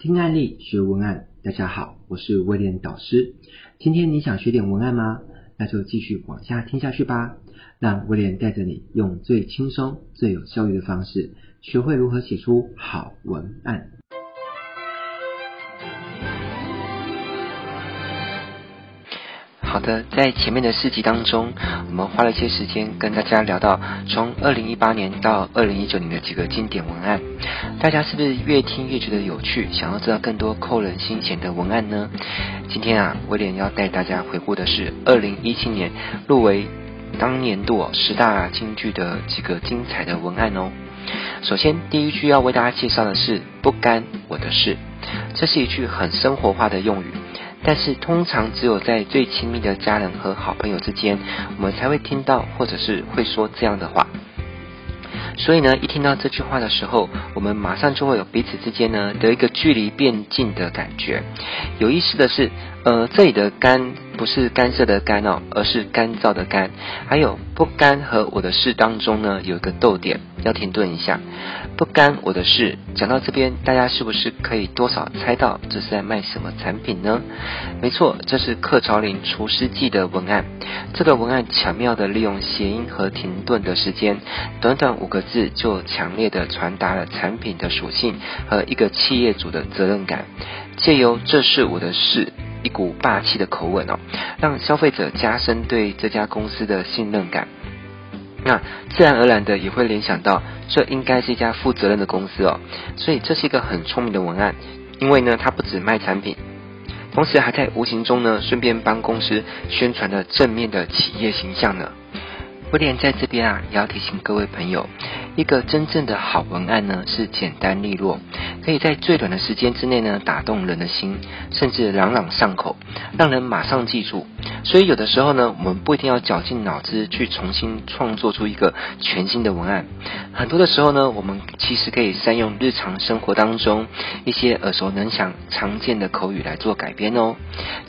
聽案例，學文案，大家好，我是威廉導師。今天你想學點文案嗎？那就繼續往下聽下去吧，讓威廉帶着你用最輕鬆、最有效率的方式，學會如何寫出好文案。好的，在前面的四集當中，我們花了一些時間跟大家聊到從二零一八年到二零一九年的幾個經典文案，大家是不是越聽越覺得有趣？想要知道更多扣人心弦的文案呢？今天啊，威廉要帶大家回顧的是二零一七年入圍當年度十大金句的幾個精彩的文案哦。首先，第一句要為大家介紹的是“不干我的事”，這是一句很生活化的用語。但是通常只有在最親密的家人和好朋友之間，我們才會聽到或者是會說這樣的話。所以呢，一聽到這句話的時候，我們馬上就會有彼此之間呢的一個距離變近的感覺。有意思的是，呃，這裡的乾不是干涉的干哦，而是乾燥的乾。還有不乾和我的事當中呢，有一個逗點，要停頓一下。不干我的事。講到這邊，大家是不是可以多少猜到這是在賣什麼產品呢？沒錯，這是克潮靈除濕劑的文案。這個文案巧妙地利用諧音和停頓的時間，短短五個字就強烈地傳達了產品的屬性和一個企業主的責任感。借由“這是我的事”，一股霸氣的口吻哦，讓消費者加深對這家公司的信任感。那自然而然的也會聯想到，這應該是一家負責任的公司哦。所以這是一個很聰明的文案，因為呢，它不止賣產品，同時還在無形中呢，順便幫公司宣傳了正面的企業形象呢。威廉在這邊啊，也要提醒各位朋友，一個真正的好文案呢，是簡單利落，可以在最短的時間之內呢，打動人的心，甚至朗朗上口，讓人馬上記住。所以有的時候呢，我們不一定要絞盡腦汁去重新創作出一個全新的文案。很多的時候呢，我們其實可以善用日常生活當中一些耳熟能詳、常見的口語來做改編哦。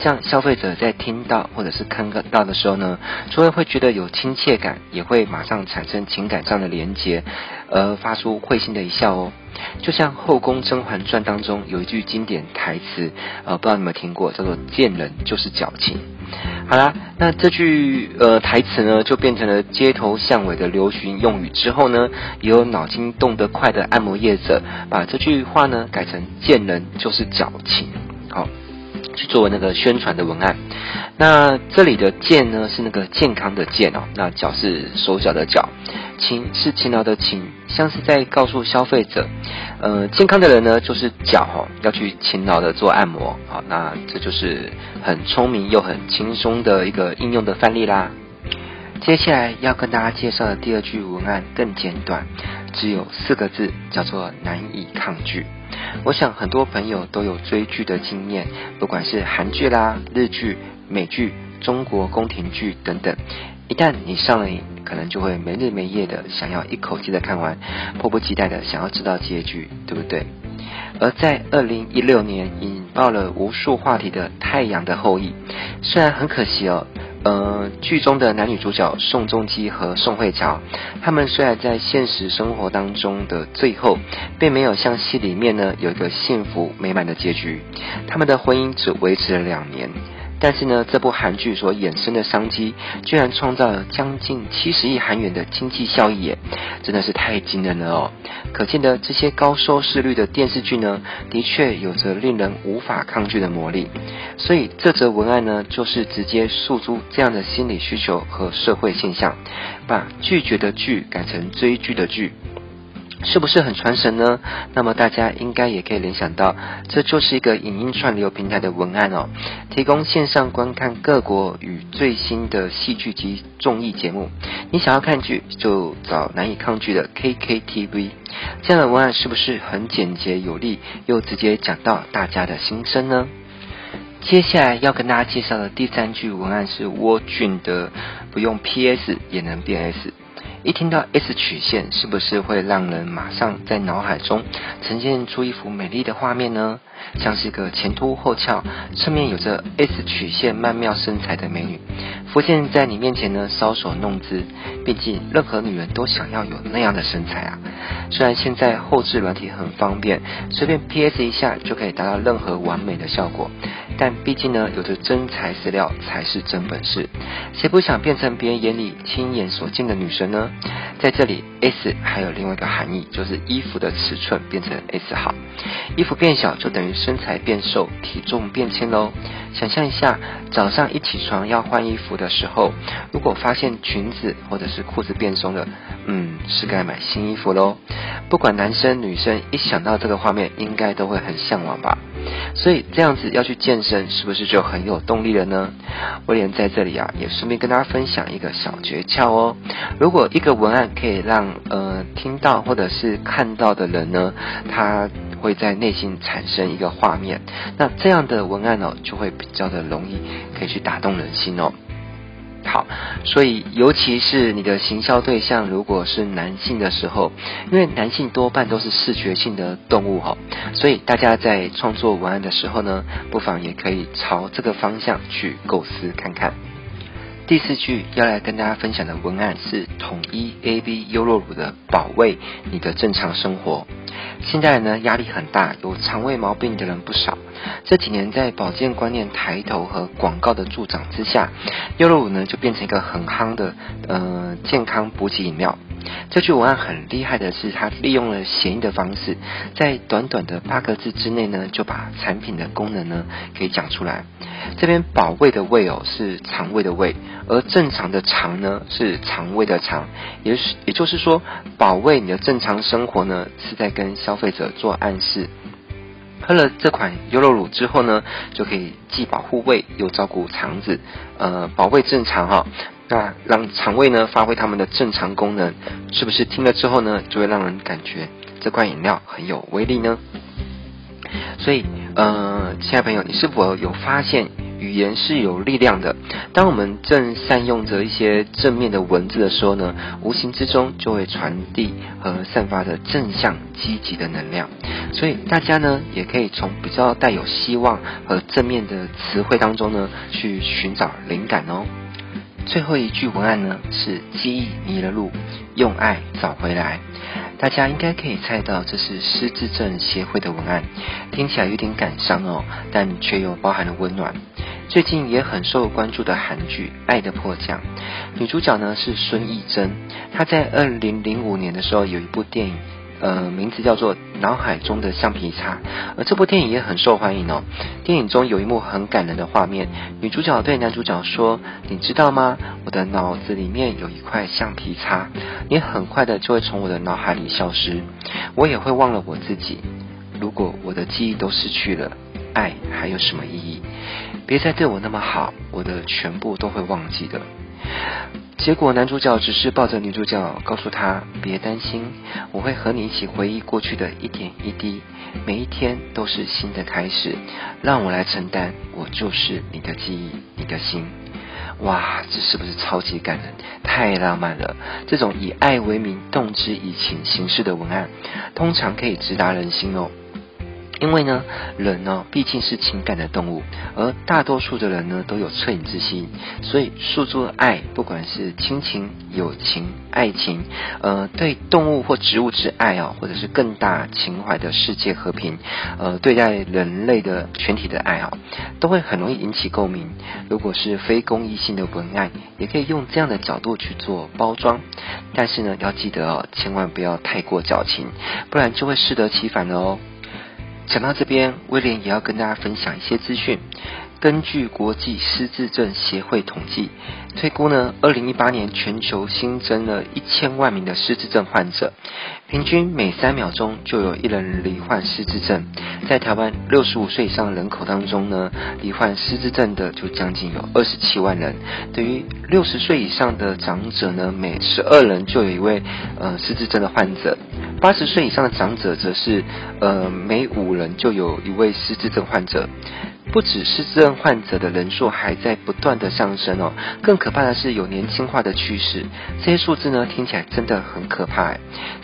這樣消費者在聽到或者是看到的時候呢，除了會覺得有親切感，也會馬上產生情感上的連結，而、呃、發出會心的一笑哦。就像《後宮甄嬛傳》當中有一句經典台詞，呃，不知道你有沒有聽過，叫做“賤人就是矯情”。好啦，那這句呃台詞呢，就變成了街頭巷尾的流行用語。之後呢，也有腦筋動得快的按摩業者，把這句話呢改成賤人就是矯情。好。去做那個宣傳的文案，那這裡的健呢是那個健康的健哦，那腳是手腳的腳，勤是勤勞的勤，像是在告訴消費者，呃，健康的人呢就是腳哦，要去勤勞的做按摩，好，那這就是很聰明又很輕鬆的一個應用的範例啦。接下來要跟大家介紹的第二句文案更簡短，只有四個字，叫做難以抗拒。我想很多朋友都有追劇的經驗，不管是韓劇啦、日劇、美劇、中國宮廷劇等等，一旦你上了癮，可能就會沒日沒夜的想要一口氣的看完，迫不及待的想要知道結局，對不對？而在二零一六年引爆了無數話題的《太陽的後裔》，雖然很可惜哦。呃，劇中的男女主角宋仲基和宋慧喬，他們雖然在現實生活當中的最後，並沒有像戲裡面呢有一個幸福美滿的結局，他們的婚姻只維持了兩年。但是呢，這部韓劇所衍生的商機，居然創造了將近七十億韓元的經濟效益，耶，真的是太驚人了哦！可見的這些高收視率的電視劇呢，的確有着令人無法抗拒的魔力。所以這則文案呢，就是直接訴諸這樣的心理需求和社會現象，把拒絕的拒改成追劇的劇。是不是很傳神呢？那麼大家應該也可以聯想到，這就是一個影音串流平台的文案哦。提供線上觀看各國與最新的戲劇及綜藝節目，你想要看劇就找難以抗拒的 KKTV。這樣的文案是不是很簡潔有力，又直接講到大家的心聲呢？接下來要跟大家介紹的第三句文案是窩俊的，不用 PS 也能變 S。一聽到 S 曲線，是不是會讓人馬上在腦海中呈現出一幅美麗的畫面呢？像是一個前凸後翹、側面有着 S 曲線曼妙身材的美女浮現在你面前呢，搔首弄姿。畢竟任何女人都想要有那樣的身材啊。雖然現在後製軟體很方便，隨便 PS 一下就可以達到任何完美的效果。但畢竟呢，有着真材實料才是真本事。誰不想變成別人眼裡親眼所見的女神呢？在這裡，S 還有另外一個含義，就是衣服的尺寸變成 S 號，衣服變小就等於身材變瘦，體重變輕咯。想象一下，早上一起床要換衣服的時候，如果發現裙子或者是褲子變鬆了，嗯，是該買新衣服咯。不管男生女生，一想到這個畫面，應該都會很向往吧。所以這樣子要去健身，是不是就很有動力了呢？威廉在這裡啊，也順便跟大家分享一個小訣竅哦。如果一個文案可以讓呃聽到或者是看到的人呢，他會在內心產生一個畫面，那這樣的文案哦，就會比較的容易可以去打動人心哦。好，所以尤其是你的行銷對象如果是男性的時候，因為男性多半都是視覺性的動物吼，哦，所以大家在創作文案的時候呢，不妨也可以朝這個方向去構思看看。第四句要來跟大家分享的文案是統一 AB 優酪乳的保衛你的正常生活。現在呢，壓力很大，有腸胃毛病的人不少。這幾年在保健觀念抬頭和廣告的助長之下，優酪乳呢就變成一個很夯的呃健康補給飲料。這句文案很厲害的是，它利用了諧音的方式，在短短的八個字之內呢，就把產品的功能呢給講出來。這邊保衛的衛哦是腸胃的胃，而正常的腸呢是腸胃的腸，也、就是也就是說，保衛你的正常生活呢是在跟消費者做暗示。喝了這款優酪乳之後呢，就可以既保護胃又照顧腸子，呃，保胃正常哈、哦，那讓腸胃呢發揮它們的正常功能，是不是聽了之後呢，就會讓人感覺這款飲料很有威力呢？所以，呃，親愛的朋友，你是否有發現？語言是有力量的。當我們正善用着一些正面的文字的時候呢，無形之中就會傳遞和散發着正向、積極的能量。所以大家呢，也可以從比較帶有希望和正面的詞彙當中呢，去尋找靈感哦。最後一句文案呢，是記憶迷了路，用愛找回來。大家應該可以猜到，這是失智症協會的文案，聽起來有點感傷哦，但卻又包含了溫暖。最近也很受關注的韓劇《愛的迫降》，女主角呢是孫藝珍。她在二零零五年的時候有一部電影，呃，名字叫做《腦海中的橡皮擦》，而這部電影也很受歡迎哦。電影中有一幕很感人的畫面，女主角對男主角說：“你知道嗎？我的腦子裡面有一塊橡皮擦，你很快的就會從我的腦海裡消失，我也會忘了我自己。如果我的記憶都失去了，愛還有什麼意義？”別再對我那麼好，我的全部都會忘記的。結果男主角只是抱着女主角，告訴她別擔心，我會和你一起回憶過去的一點一滴，每一天都是新的開始。讓我來承擔，我就是你的記憶，你的心。哇，這是不是超級感人？太浪漫了！這種以愛為名，動之以情形式的文案，通常可以直達人心哦。因為呢，人呢、哦、畢竟是情感的動物，而大多數的人呢都有惻隱之心，所以訴諸愛，不管是親情、友情、愛情，呃，對動物或植物之愛啊、哦，或者是更大情懷的世界和平，呃，對待人類的全體的愛啊、哦，都會很容易引起共鳴。如果是非公益性的文案，也可以用這樣的角度去做包裝，但是呢，要記得哦，千萬不要太過矯情，不然就會適得其反了哦。講到這邊，威廉也要跟大家分享一些資訊。根據國際失智症協會統計，推估呢，二零一八年全球新增了一千萬名的失智症患者，平均每三秒鐘就有一人罹患失智症。在台灣六十五歲以上的人口當中呢，罹患失智症的就將近有二十七萬人。等於六十歲以上的長者呢，每十二人就有一位呃失智症的患者；八十歲以上的長者，則是呃每五人就有一位失智症患者。不止失智症患者的人數還在不斷的上升哦，更可怕的是有年輕化的趨勢。這些數字呢，聽起來真的很可怕。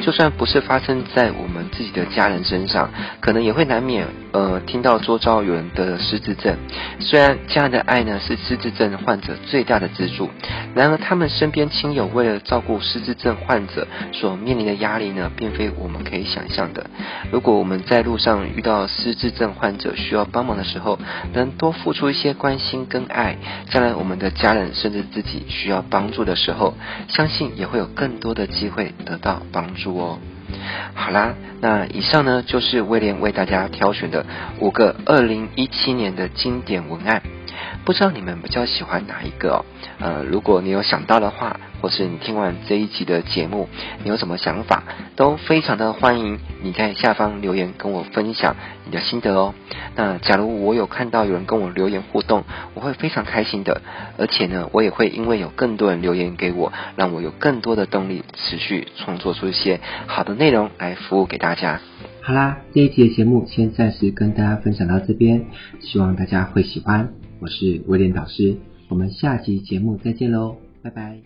就算不是發生在我們自己的家人身上，可能也會難免呃聽到周遭有人得了失智症。雖然家人的愛呢是失智症患者最大的支柱，然而他們身邊親友為了照顧失智症患者所面臨的壓力呢，並非我們可以想象的。如果我們在路上遇到失智症患者需要幫忙的時候，能多付出一些關心跟愛，將來我們的家人甚至自己需要幫助的時候，相信也會有更多的機會得到幫助哦。好啦，那以上呢就是威廉為大家挑選的五個二零一七年的經典文案，不知道你們比較喜歡哪一個哦？呃，如果你有想到的話。或是你聽完這一集的節目，你有什麼想法，都非常的歡迎你在下方留言跟我分享你的心得哦。那假如我有看到有人跟我留言互動，我會非常開心的。而且呢，我也會因為有更多人留言給我，讓我有更多的動力持續創作出一些好的內容來服務給大家。好啦，這一集的節目先暫時跟大家分享到這邊，希望大家會喜歡。我是威廉導師，我們下集節目再見嘍，拜拜。